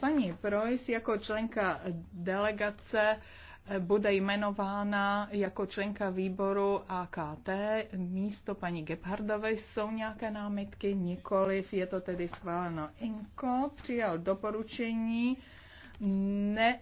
Paní Preuss jako členka delegace bude jmenována jako členka výboru AKT. Místo paní Gebhardové jsou nějaké námitky, nikoliv je to tedy schváleno. Inko přijal doporučení ne